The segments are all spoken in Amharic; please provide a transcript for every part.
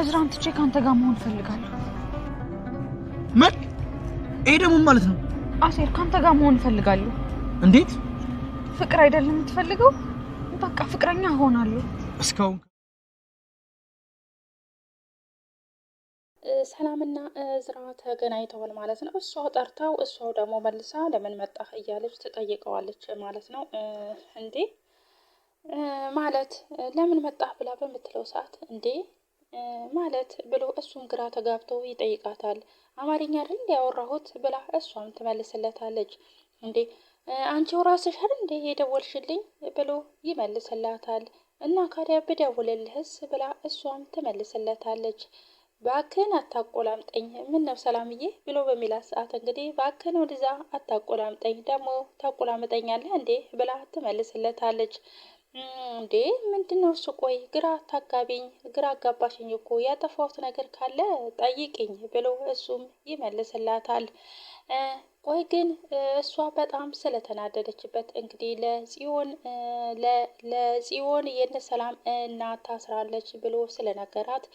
እዝራን ትቼ ከአንተ ጋር መሆን እፈልጋለሁ። ምን? ይሄ ደግሞ ማለት ነው? አሴር ከአንተ ጋር መሆን እፈልጋለሁ። እንዴት? ፍቅር አይደለም የምትፈልገው? በቃ ፍቅረኛ እሆናለሁ። እስካሁን ሰላምና እዝራ ተገናኝተዋል ማለት ነው። እሷ ጠርታው እሷው ደግሞ መልሳ ለምን መጣህ እያለች ትጠይቀዋለች ማለት ነው። እንዴ ማለት ለምን መጣህ ብላ በምትለው ሰዓት እንዴ ማለት ብሎ እሱም ግራ ተጋብቶ ይጠይቃታል። አማርኛ አይደል ያወራሁት ብላ እሷም ትመልስለታለች። እንዴ አንቺው ራስሽ አይደል እንዴ የደወልሽልኝ ብሎ ይመልስላታል። እና ካዲያ ብደውልልህስ ብላ እሷም ትመልስለታለች። ባክን አታቆላምጠኝ፣ ምን ነው ሰላምዬ ብሎ በሚላት ሰዓት እንግዲህ ባክን ወደዛ አታቆላምጠኝ፣ ደግሞ ታቆላምጠኛለህ እንዴ ብላ ትመልስለታለች። እንዴ ነው እሱ? ቆይ ግራ ታጋቢኝ ግራ አጋባሽኝ እኮ ያጠፋሁት ነገር ካለ ጠይቅኝ ብሎ እሱም ይመልስላታል። ቆይ ግን እሷ በጣም ስለተናደደችበት እንግዲህ ለጽዮን ለጽዮን የነ ሰላም እናት ታስራለች ብሎ ስለነገራት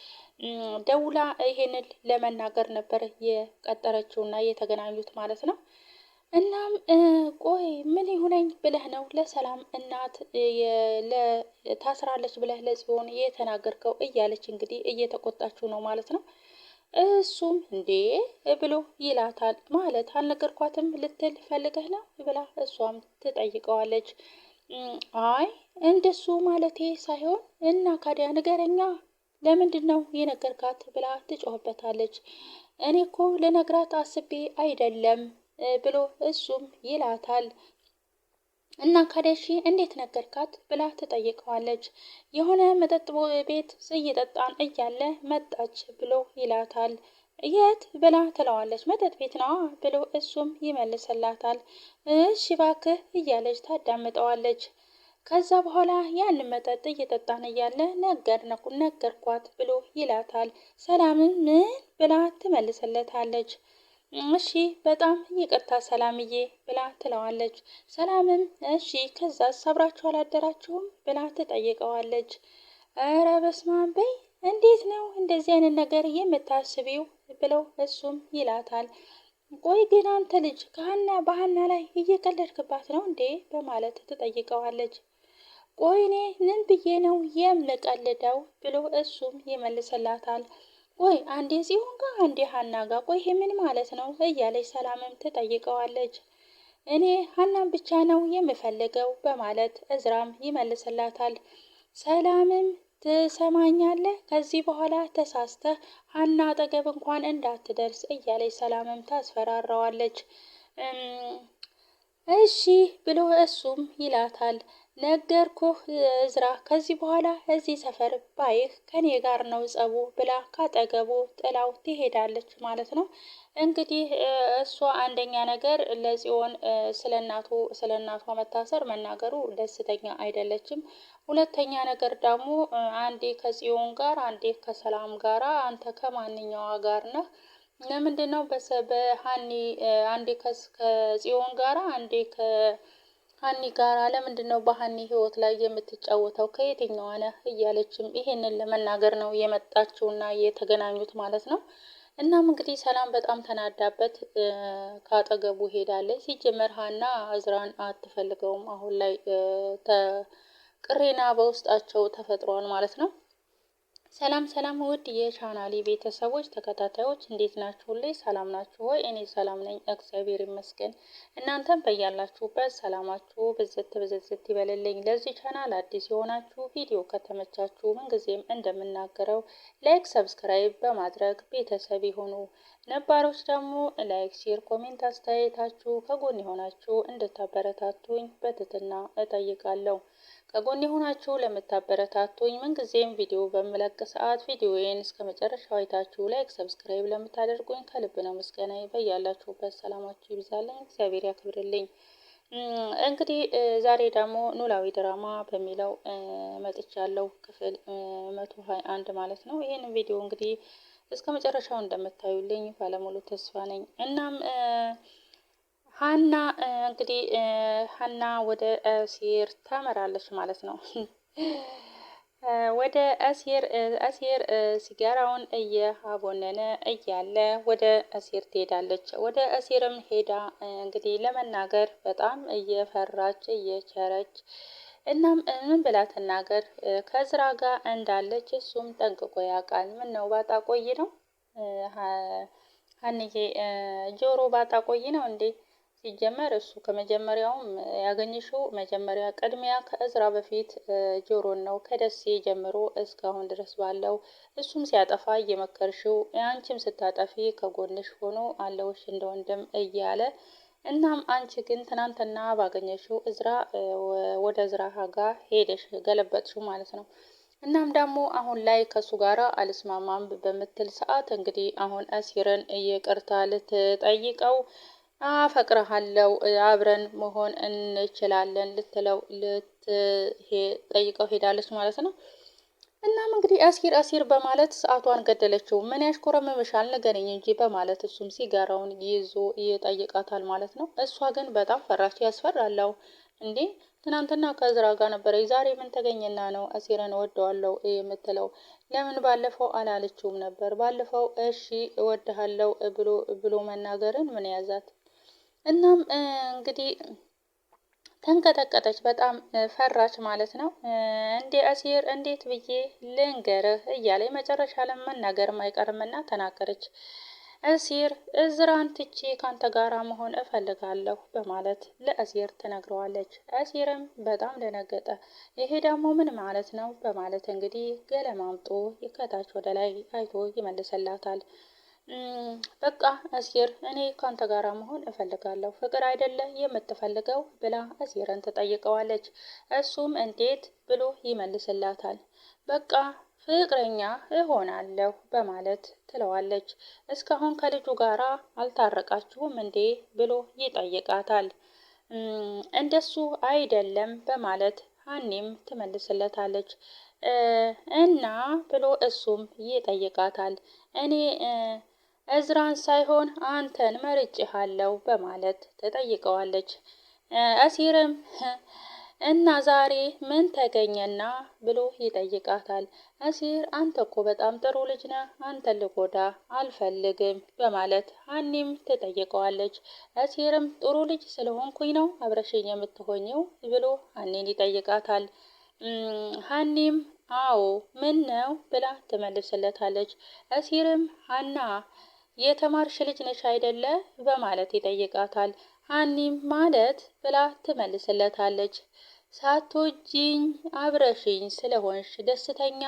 ደውላ ይሄንን ለመናገር ነበር የቀጠረችውና የተገናኙት ማለት ነው። እናም ቆይ ምን ይሁነኝ ብለህ ነው ለሰላም እናት ታስራለች ብለህ ለጽዮን የተናገርከው እያለች እንግዲህ እየተቆጣችው ነው ማለት ነው። እሱም እንዴ ብሎ ይላታል። ማለት አልነገርኳትም ልትል ፈልገህ ነው ብላ እሷም ትጠይቀዋለች። አይ እንደሱ ማለቴ ሳይሆን እና ካዲያ ንገረኛ ለምንድን ነው የነገርካት ብላ ትጮህበታለች። እኔ እኮ ልነግራት አስቤ አይደለም ብሎ እሱም ይላታል። እና ካዲያሺ እንዴት ነገርካት ብላ ትጠይቀዋለች። የሆነ መጠጥ ቤት እየጠጣን እያለ መጣች ብሎ ይላታል። የት ብላ ትለዋለች። መጠጥ ቤት ነዋ ብሎ እሱም ይመልስላታል። እሺ እባክህ እያለች ታዳምጠዋለች። ከዛ በኋላ ያንን መጠጥ እየጠጣን እያለ ነገርኳት ብሎ ይላታል። ሰላምን ምን ብላ ትመልስለታለች። እሺ በጣም ይቅርታ ሰላምዬ ብላ ትለዋለች። ሰላምም እሺ ከዛ ሰብራችሁ አላደራችሁም ብላ ትጠይቀዋለች። እረ በስመ አብ በይ እንዴት ነው እንደዚህ አይነት ነገር የምታስቢው ብለው እሱም ይላታል። ቆይ ግን አንተ ልጅ ከሀና በሀና ላይ እየቀለድክባት ነው እንዴ በማለት ትጠይቀዋለች። ቆይ እኔ ምን ብዬ ነው የምቀልደው ብሎ እሱም ይመልስላታል። ወይ አንዴ ጽዮን ጋር አንዴ ሀና ጋር ቆይ ይሄ ምን ማለት ነው እያለች ሰላምም ትጠይቀዋለች። እኔ ሀናን ብቻ ነው የምፈልገው በማለት እዝራም ይመልስላታል። ሰላምም ትሰማኛለህ፣ ከዚህ በኋላ ተሳስተህ ሀና አጠገብ እንኳን እንዳትደርስ እያለች ሰላምም ታስፈራራዋለች። እሺ ብሎ እሱም ይላታል። ነገርኩህ እዝራ፣ ከዚህ በኋላ እዚህ ሰፈር ባይህ ከኔ ጋር ነው ጸቡ ብላ ካጠገቡ ጥላው ትሄዳለች ማለት ነው። እንግዲህ እሷ አንደኛ ነገር ለጽዮን ስለ እናቱ ስለ እናቷ መታሰር መናገሩ ደስተኛ አይደለችም። ሁለተኛ ነገር ደግሞ አንዴ ከጽዮን ጋር አንዴ ከሰላም ጋር አንተ ከማንኛዋ ጋር ነህ? ለምንድን ነው በሀኒ አንዴ ከጽዮን ጋር አንዴ ሀኒ ጋር ነው በሀኒ ህይወት ላይ የምትጫወተው? ከየትኛዋ ነህ? እያለችም ይሄንን ለመናገር ነው የመጣችው እና የተገናኙት ማለት ነው። እናም እንግዲህ ሰላም በጣም ተናዳበት ካጠገቡ ሄዳለች። ሲጀመር ሀና እዝራን አትፈልገውም። አሁን ላይ ቅሬና በውስጣቸው ተፈጥሯል ማለት ነው። ሰላም ሰላም ውድ የቻናሌ ቤተሰቦች ተከታታዮች እንዴት ናችሁ ላይ ሰላም ናችሁ ወይ? እኔ ሰላም ነኝ እግዚአብሔር ይመስገን። እናንተም በያላችሁበት ሰላማችሁ ብዝት ብዝዝት ይበልልኝ። ለዚህ ቻናል አዲስ የሆናችሁ ቪዲዮ ከተመቻችሁ ምንጊዜም እንደምናገረው ላይክ፣ ሰብስክራይብ በማድረግ ቤተሰብ ይሁኑ። ነባሮች ደግሞ ላይክ፣ ሼር፣ ኮሜንት አስተያየታችሁ ከጎን የሆናችሁ እንድታበረታቱኝ በትህትና እጠይቃለሁ። ከጎን የሆናችሁ ለምታበረታቱኝ ምንጊዜም ቪዲዮ በምለቅ ሰዓት ቪዲዮዬን እስከ መጨረሻው አይታችሁ ላይክ፣ ሰብስክራይብ ለምታደርጉኝ ከልብ ነው ምስጋና። በያላችሁበት ሰላማችሁ ይብዛልኝ፣ እግዚአብሔር ያክብርልኝ። እንግዲህ ዛሬ ደግሞ ኖላዊ ድራማ በሚለው መጥቻለሁ፣ ክፍል መቶ ሀያ አንድ ማለት ነው። ይህንን ቪዲዮ እንግዲህ እስከ መጨረሻው እንደምታዩልኝ ባለሙሉ ተስፋ ነኝ። እናም ሀና እንግዲህ ሀና ወደ እሴር ታመራለች ማለት ነው። ወደ አሴር አሴር ሲጋራውን እየሀቦነነ እያለ ወደ እሴር ትሄዳለች። ወደ እሴርም ሄዳ እንግዲህ ለመናገር በጣም እየፈራች እየቸረች እናም ምን ብላ ትናገር ከዝራ ጋር እንዳለች እሱም ጠንቅቆ ያውቃል። ምን ነው ባጣ ቆይ ነው ሀንዬ ጆሮ ባጣ ቆይ ነው እንዴ ሲጀመር እሱ ከመጀመሪያውም ያገኘሽው መጀመሪያ ቅድሚያ ከእዝራ በፊት ጆሮን ነው። ከደሴ ጀምሮ እስካሁን ድረስ ባለው እሱም ሲያጠፋ እየመከርሽው፣ አንቺም ስታጠፊ ከጎንሽ ሆኖ አለውሽ እንደወንድም እያለ እናም አንቺ ግን ትናንትና ባገኘሽው እዝራ ወደ እዝራ ሀጋ ሄደሽ ገለበጥሽው ማለት ነው። እናም ደግሞ አሁን ላይ ከእሱ ጋር አልስማማም በምትል ሰዓት እንግዲህ አሁን አሲርን ይቅርታ ልትጠይቀው አፈቅረሃለው አብረን መሆን እንችላለን ልትለው ልትጠይቀው ሄዳለች ማለት ነው። እናም እንግዲህ አሲር አሲር በማለት ሰዓቷን ገደለችው። ምን ያሽኮረምምሻል ንገረኝ እንጂ በማለት እሱም ሲጋራውን ይዞ ይጠይቃታል ማለት ነው። እሷ ግን በጣም ፈራች። ያስፈራለው እንዴ ትናንትና ከዝራ ጋር ነበረ፣ ዛሬ ምን ተገኘና ነው አሲርን እወደዋለሁ የምትለው? ለምን ባለፈው አላለችውም ነበር? ባለፈው እሺ እወድሃለሁ ብሎ ብሎ መናገርን ምን ያዛት? እናም እንግዲህ ተንቀጠቀጠች፣ በጣም ፈራች ማለት ነው። እንዴ አሲር እንዴት ብዬ ልንገርህ እያለ መጨረሻ ላይ መናገር አይቀርምና ተናገረች። አሲር እዝራን ትቼ ካንተ ጋራ መሆን እፈልጋለሁ በማለት ለአሲር ትነግረዋለች። አሲርም በጣም ደነገጠ። ይሄ ደግሞ ምን ማለት ነው በማለት እንግዲህ ገለማምጦ ከታች ወደ ላይ አይቶ ይመልሰላታል። በቃ አሲር እኔ ካንተ ጋር መሆን እፈልጋለሁ፣ ፍቅር አይደለ የምትፈልገው ብላ አሲርን ትጠይቀዋለች። እሱም እንዴት ብሎ ይመልስላታል። በቃ ፍቅረኛ እሆናለሁ በማለት ትለዋለች። እስካሁን ከልጁ ጋራ አልታረቃችሁም እንዴ ብሎ ይጠይቃታል። እንደሱ አይደለም በማለት ሀኒም ትመልስለታለች። እና ብሎ እሱም ይጠይቃታል እኔ እዝራን ሳይሆን አንተን መርጬሃለሁ በማለት ተጠይቀዋለች። አሲርም እና ዛሬ ምን ተገኘና ብሎ ይጠይቃታል። አሲር አንተ እኮ በጣም ጥሩ ልጅ ነህ፣ አንተን ልጎዳ አልፈልግም በማለት ሀኒም ትጠይቀዋለች። አሲርም ጥሩ ልጅ ስለሆንኩኝ ነው አብረሽኝ የምትሆኘው ብሎ ሀኒን ይጠይቃታል። ሀኒም አዎ ምን ነው ብላ ትመልስለታለች። አሲርም ሀና የተማርሽ ልጅ ነሽ አይደለ? በማለት ይጠይቃታል። አኒም ማለት ብላ ትመልስለታለች። ሳትወጂኝ አብረሽኝ ስለሆንሽ ደስተኛ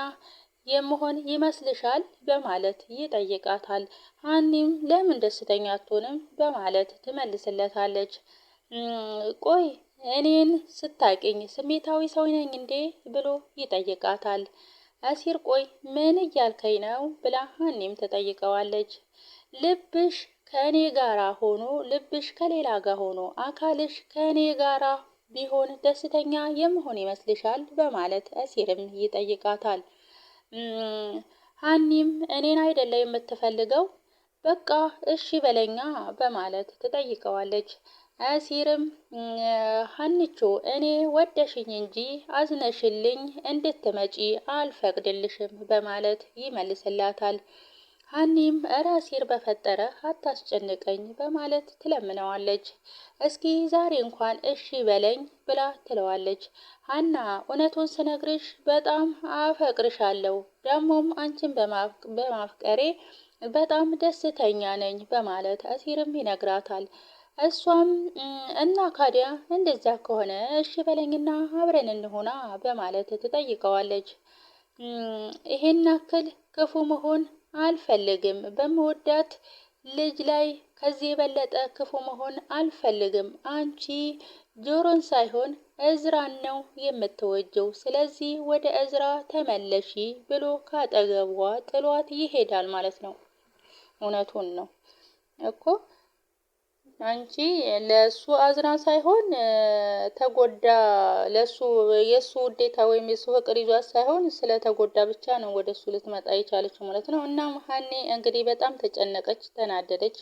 የመሆን ይመስልሻል? በማለት ይጠይቃታል። አኒም ለምን ደስተኛ አትሆንም? በማለት ትመልስለታለች። ቆይ እኔን ስታቂኝ ስሜታዊ ሰው ነኝ እንዴ? ብሎ ይጠይቃታል። አሲር ቆይ ምን እያልከኝ ነው? ብላ አኒም ትጠይቀዋለች። ልብሽ ከእኔ ጋራ ሆኖ ልብሽ ከሌላ ጋር ሆኖ አካልሽ ከእኔ ጋራ ቢሆን ደስተኛ የመሆን ይመስልሻል? በማለት እሲርም ይጠይቃታል። ሀኒም እኔን አይደለ የምትፈልገው በቃ እሺ በለኛ በማለት ትጠይቀዋለች። እሲርም ሀኒቾ እኔ ወደሽኝ እንጂ አዝነሽልኝ እንድትመጪ አልፈቅድልሽም በማለት ይመልስላታል። ሀኒም እረ በፈጠረ አታስጨንቀኝ በማለት ትለምነዋለች። እስኪ ዛሬ እንኳን እሺ በለኝ ብላ ትለዋለች። ሀና እውነቱን ስነግርሽ በጣም አፈቅርሻለሁ፣ ደግሞም አንቺን በማፍቀሬ በጣም ደስተኛ ነኝ በማለት አሲርም ይነግራታል። እሷም እና ካዲያ እንደዚያ ከሆነ እሺ በለኝና አብረን እንሆና በማለት ትጠይቀዋለች። ይሄን ያክል ክፉ መሆን አልፈልግም። በመወዳት ልጅ ላይ ከዚህ የበለጠ ክፉ መሆን አልፈልግም። አንቺ ጆሮን ሳይሆን እዝራን ነው የምትወጀው። ስለዚህ ወደ እዝራ ተመለሺ ብሎ ካጠገቧ ጥሏት ይሄዳል ማለት ነው። እውነቱን ነው እኮ አንቺ ለእሱ አዝና ሳይሆን ተጎዳ ለሱ የእሱ ውዴታ ወይም የእሱ ፍቅር ይዟት ሳይሆን ስለተጎዳ ብቻ ነው ወደ እሱ ልትመጣ የቻለች ማለት ነው። እና ሀኔ እንግዲህ በጣም ተጨነቀች፣ ተናደደች።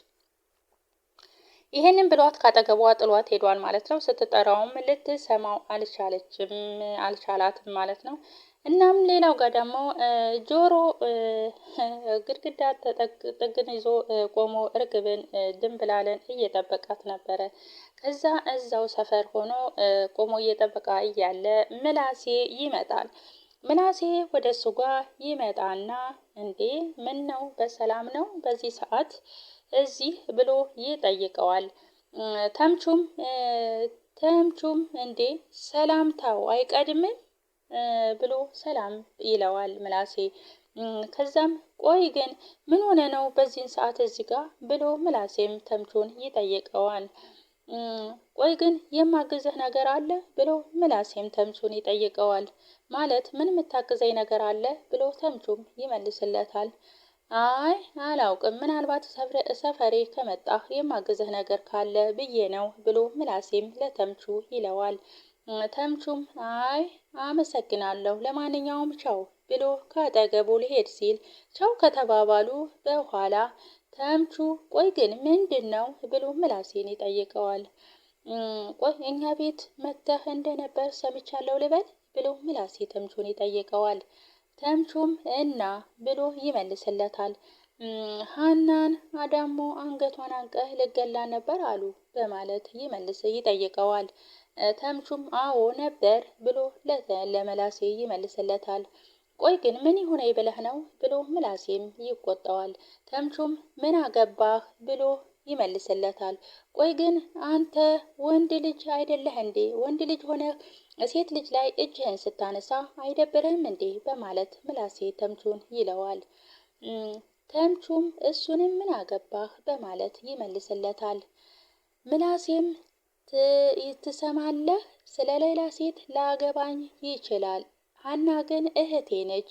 ይህንን ብሏት ካጠገቧ ጥሏት ሄዷል ማለት ነው። ስትጠራውም ልትሰማው አልቻለችም፣ አልቻላትም ማለት ነው። እናም ሌላው ጋር ደግሞ ጆሮ ግድግዳ ጥግን ይዞ ቆሞ እርግብን ድንብላለን እየጠበቃት ነበረ። ከዛ እዛው ሰፈር ሆኖ ቆሞ እየጠበቃ እያለ ምላሴ ይመጣል። ምናሴ ወደ እሱ ጋር ይመጣና እንዴ ምን ነው በሰላም ነው በዚህ ሰዓት እዚህ ብሎ ይጠይቀዋል። ተምቹም ተምቹም እንዴ ሰላምታው አይቀድምም ብሎ ሰላም ይለዋል ምላሴ ከዛም ቆይ ግን ምን ሆነ ነው በዚህን ሰዓት እዚህ ጋር ብሎ ምላሴም ተምቹን ይጠይቀዋል። ቆይ ግን የማግዝህ ነገር አለ ብሎ ምላሴም ተምቹን ይጠይቀዋል። ማለት ምን የምታግዘኝ ነገር አለ ብሎ ተምቹም ይመልስለታል። አይ አላውቅም፣ ምናልባት ሰፈሬ ከመጣህ የማግዝህ ነገር ካለ ብዬ ነው ብሎ ምላሴም ለተምቹ ይለዋል። ተምቹም አይ አመሰግናለሁ፣ ለማንኛውም ቻው ብሎ ከአጠገቡ ሊሄድ ሲል ቻው ከተባባሉ በኋላ ተምቹ ቆይ ግን ምንድን ነው ብሎ ምላሴን ይጠይቀዋል። ቆይ እኛ ቤት መጥተህ እንደነበር ሰምቻለሁ ልበል ብሎ ምላሴ ተምቹን ይጠይቀዋል። ተምቹም እና ብሎ ይመልስለታል። ሀናን አዳሞ አንገቷን አንቀህ ልገላ ነበር አሉ በማለት ይመልስ ይጠይቀዋል። ተምቹም አዎ ነበር ብሎ ለመላሴ ይመልስለታል። ቆይ ግን ምን ይሁን ብለህ ነው ብሎ ምላሴም ይቆጣዋል። ተምቹም ምን አገባህ ብሎ ይመልስለታል። ቆይ ግን አንተ ወንድ ልጅ አይደለህ እንዴ? ወንድ ልጅ ሆነህ ሴት ልጅ ላይ እጅህን ስታነሳ አይደብርህም እንዴ? በማለት ምላሴ ተምቹን ይለዋል። ተምቹም እሱንም ምን አገባህ በማለት ይመልስለታል። ምላሴም ትሰማለህ ስለ ሌላ ሴት ላገባኝ ይችላል ሀና ግን እህቴ ነች።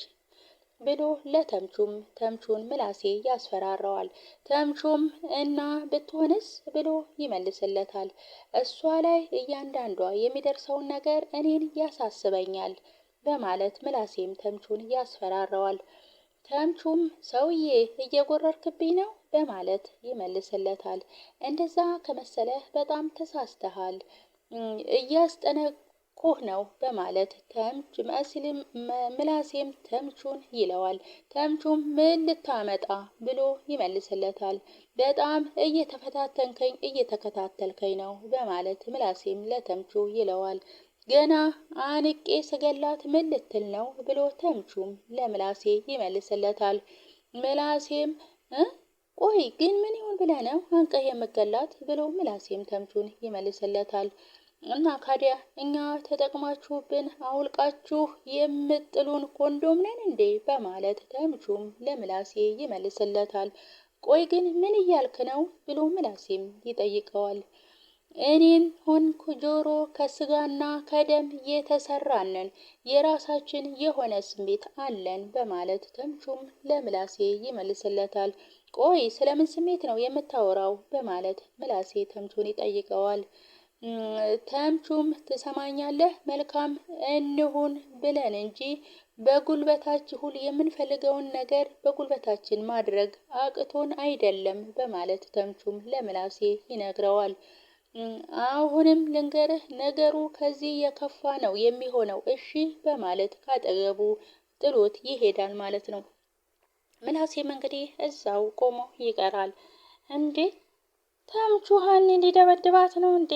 ብሎ ለተምቹም ተምቹን ምላሴ ያስፈራራዋል ተምቹም እና ብትሆንስ ብሎ ይመልስለታል። እሷ ላይ እያንዳንዷ የሚደርሰውን ነገር እኔን ያሳስበኛል በማለት ምላሴም ተምቹን ያስፈራራዋል። ተምቹም ሰውዬ እየጎረርክብኝ ነው በማለት ይመልስለታል። እንደዛ ከመሰለህ በጣም ተሳስተሃል፣ እያስጠነቅኩህ ነው በማለት ተምች ምላሴም ተምቹን ይለዋል። ተምቹም ምን ልታመጣ ብሎ ይመልስለታል። በጣም እየተፈታተንከኝ እየተከታተልከኝ ነው በማለት ምላሴም ለተምቹ ይለዋል። ገና አንቄ ስገላት ምን ልትል ነው ብሎ ተምቹም ለምላሴ ይመልስለታል። ምላሴም ቆይ ግን ምን ይሆን ብለህ ነው አንቀህ የምገላት ብሎ ምላሴም ተምቹን ይመልስለታል። እና ካዲያ እኛ ተጠቅማችሁብን አውልቃችሁ የምጥሉን ኮንዶም ነን እንዴ? በማለት ተምቹም ለምላሴ ይመልስለታል። ቆይ ግን ምን እያልክ ነው ብሎ ምላሴም ይጠይቀዋል። እኔን ሆንኩ ጆሮ ከስጋና ከደም የተሰራንን የራሳችን የሆነ ስሜት አለን በማለት ተምቹም ለምላሴ ይመልስለታል። ቆይ ስለምን ስሜት ነው የምታወራው? በማለት ምላሴ ተምቹን ይጠይቀዋል። ተምቹም ትሰማኛለህ፣ መልካም እንሁን ብለን እንጂ ሁል የምንፈልገውን ነገር በጉልበታችን ማድረግ አቅቶን አይደለም በማለት ተምቹም ለምላሴ ይነግረዋል። አሁንም ልንገርህ ነገሩ ከዚህ የከፋ ነው የሚሆነው፣ እሺ በማለት ካጠገቡ ጥሎት ይሄዳል ማለት ነው። ምናሴም እንግዲህ እዛው ቆሞ ይቀራል። እንዴ ተምቹ ሀኒን እንዲደበድባት ነው እንዴ?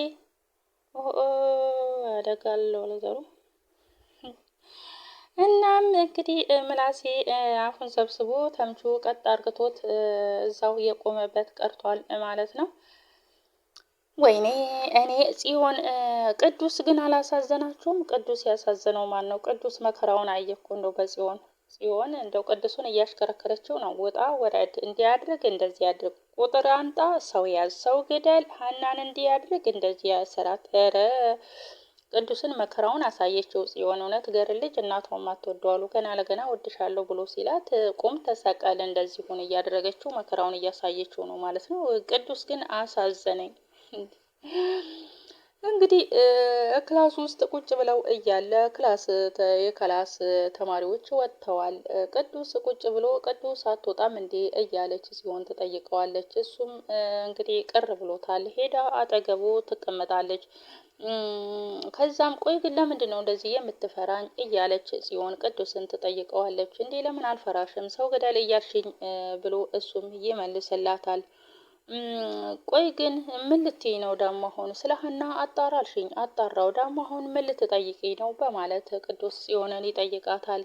አደጋለው ነገሩ። እናም እንግዲህ ምናሴ አፉን ሰብስቦ ተምቹ ቀጥ አርግቶት እዛው የቆመበት ቀርቷል ማለት ነው። ወይኔ እኔ ጽዮን ቅዱስ ግን አላሳዘናችሁም? ቅዱስ ያሳዘነው ማን ነው? ቅዱስ መከራውን አየኮ እንደው በጽዮን ሲሆን እንደው ቅዱሱን እያሽከረከረችው ነው። ውጣ ወረድ፣ እንዲያድርግ እንደዚህ ያድርግ፣ ቁጥር አንጣ፣ ሰው ያዝ፣ ሰው ግደል፣ ሀናን እንዲያድርግ እንደዚህ ያሰራት። ኧረ ቅዱስን መከራውን አሳየችው ጽዮን። እውነት ገር ልጅ እናቷ ማትወደዋሉ ገና ለገና ወድሻለሁ ብሎ ሲላት ቁም ተሰቀል እንደዚህ ሁን እያደረገችው መከራውን እያሳየችው ነው ማለት ነው። ቅዱስ ግን አሳዘነኝ። እንግዲህ ክላስ ውስጥ ቁጭ ብለው እያለ ክላስ የክላስ ተማሪዎች ወጥተዋል። ቅዱስ ቁጭ ብሎ ቅዱስ አትወጣም እንዴ እያለች ሲሆን ትጠይቀዋለች። እሱም እንግዲህ ቅር ብሎታል። ሄዳ አጠገቡ ትቀመጣለች። ከዛም ቆይ ግን ለምንድን ነው እንደዚህ የምትፈራኝ? እያለች ሲሆን ቅዱስን ትጠይቀዋለች። እንዲህ ለምን አልፈራሽም ሰው ገደል እያልሽኝ ብሎ እሱም ይመልስላታል። ቆይ ግን ምን ልትይ ነው ዳማ ሆኑ ስለ ሀና አጣራልሽኝ? አጣራው ዳማ ሆን ምን ልትጠይቂኝ ነው? በማለት ቅዱስ ጽዮንን ይጠይቃታል።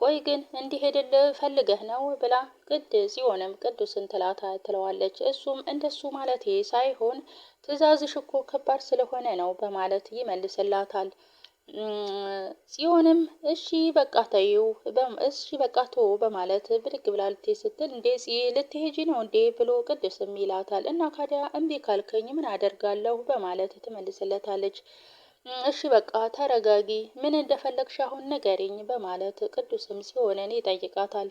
ቆይ ግን እንዲሄድል ፈልገህ ነው ብላ ቅድ ጽዮንም ቅዱስን ትላታ ትለዋለች። እሱም እንደሱ ማለቴ ሳይሆን ትእዛዝሽ እኮ ከባድ ስለሆነ ነው በማለት ይመልስላታል። ጽዮንም እሺ በቃ ተዩ እሺ በቃ ቶ በማለት ብድግ ብላ ልትሄድ ስትል እንዴ ጽዬ ልትሄጂ ነው እንዴ ብሎ ቅዱስም ይላታል። እና ካዲያ እምቢ ካልከኝ ምን አደርጋለሁ በማለት ትመልስለታለች። እሺ በቃ ተረጋጊ፣ ምን እንደፈለግሽ አሁን ንገሪኝ በማለት ቅዱስም ጽዮንን ይጠይቃታል።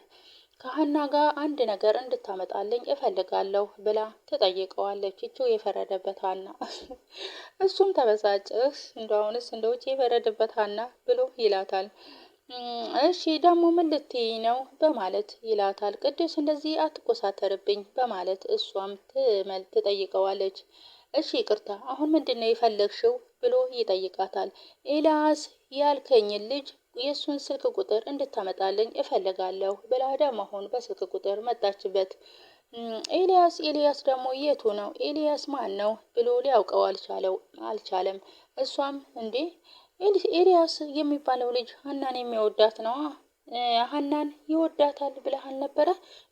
ከሀና ጋር አንድ ነገር እንድታመጣልኝ እፈልጋለሁ ብላ ትጠይቀዋለች። ይቺው የፈረደበት ሀና እሱም ተበሳጨ። እንደ አሁንስ እንደ ውጭ የፈረደበት ሀና ብሎ ይላታል። እሺ ደግሞ ምን ልትይ ነው በማለት ይላታል። ቅዱስ እንደዚህ አትቆሳተርብኝ በማለት እሷም ትመል ትጠይቀዋለች። እሺ ይቅርታ፣ አሁን ምንድን ነው የፈለግሽው ብሎ ይጠይቃታል። ኤልያስ ያልከኝን ልጅ የእሱን ስልክ ቁጥር እንድታመጣልኝ እፈልጋለሁ ብላ መሆን በስልክ ቁጥር መጣችበት። ኤልያስ ኤልያስ ደግሞ የቱ ነው ኤልያስ ማን ነው ብሎ ሊያውቀው አልቻለው አልቻለም። እሷም እንዴ ኤልያስ የሚባለው ልጅ ሀናን የሚወዳት ነዋ ሀናን ይወዳታል ብለሃል ነበረ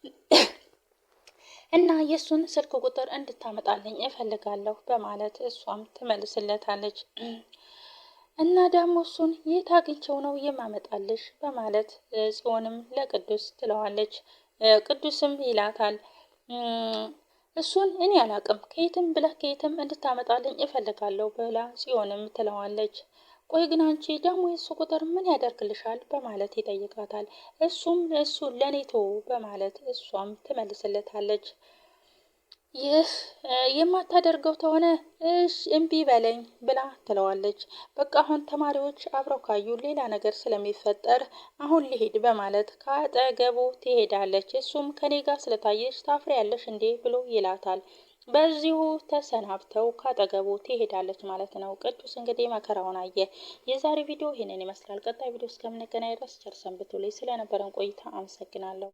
እና የእሱን ስልክ ቁጥር እንድታመጣልኝ እፈልጋለሁ በማለት እሷም ትመልስለታለች። እና ደግሞ እሱን የት አግኝቼው ነው የማመጣልሽ በማለት ጽዮንም ለቅዱስ ትለዋለች። ቅዱስም ይላታል እሱን እኔ አላቅም ከየትም ብለህ ከየትም እንድታመጣልኝ እፈልጋለሁ ብላ ጽዮንም ትለዋለች። ቆይ ግን አንቺ ደግሞ የእሱ ቁጥር ምን ያደርግልሻል በማለት ይጠይቃታል። እሱም እሱ ለኔቶ በማለት እሷም ትመልስለታለች። ይህ የማታደርገው ተሆነ እሽ እምቢ በለኝ ብላ ትለዋለች። በቃ አሁን ተማሪዎች አብረው ካዩ ሌላ ነገር ስለሚፈጠር አሁን ልሄድ በማለት ከአጠገቡ ትሄዳለች። እሱም ከኔ ጋር ታፍሬ ያለሽ እንዴ ብሎ ይላታል። በዚሁ ተሰናብተው ካጠገቡ ትሄዳለች ማለት ነው። ቅዱስ እንግዲህ መከራውን አየ። የዛሬ ቪዲዮ ይህንን ይመስላል። ቀጣይ ቪዲዮ እስከምንገናኝ ድረስ ቸር ሰንብቱ። ስለነበረን ቆይታ አመሰግናለሁ።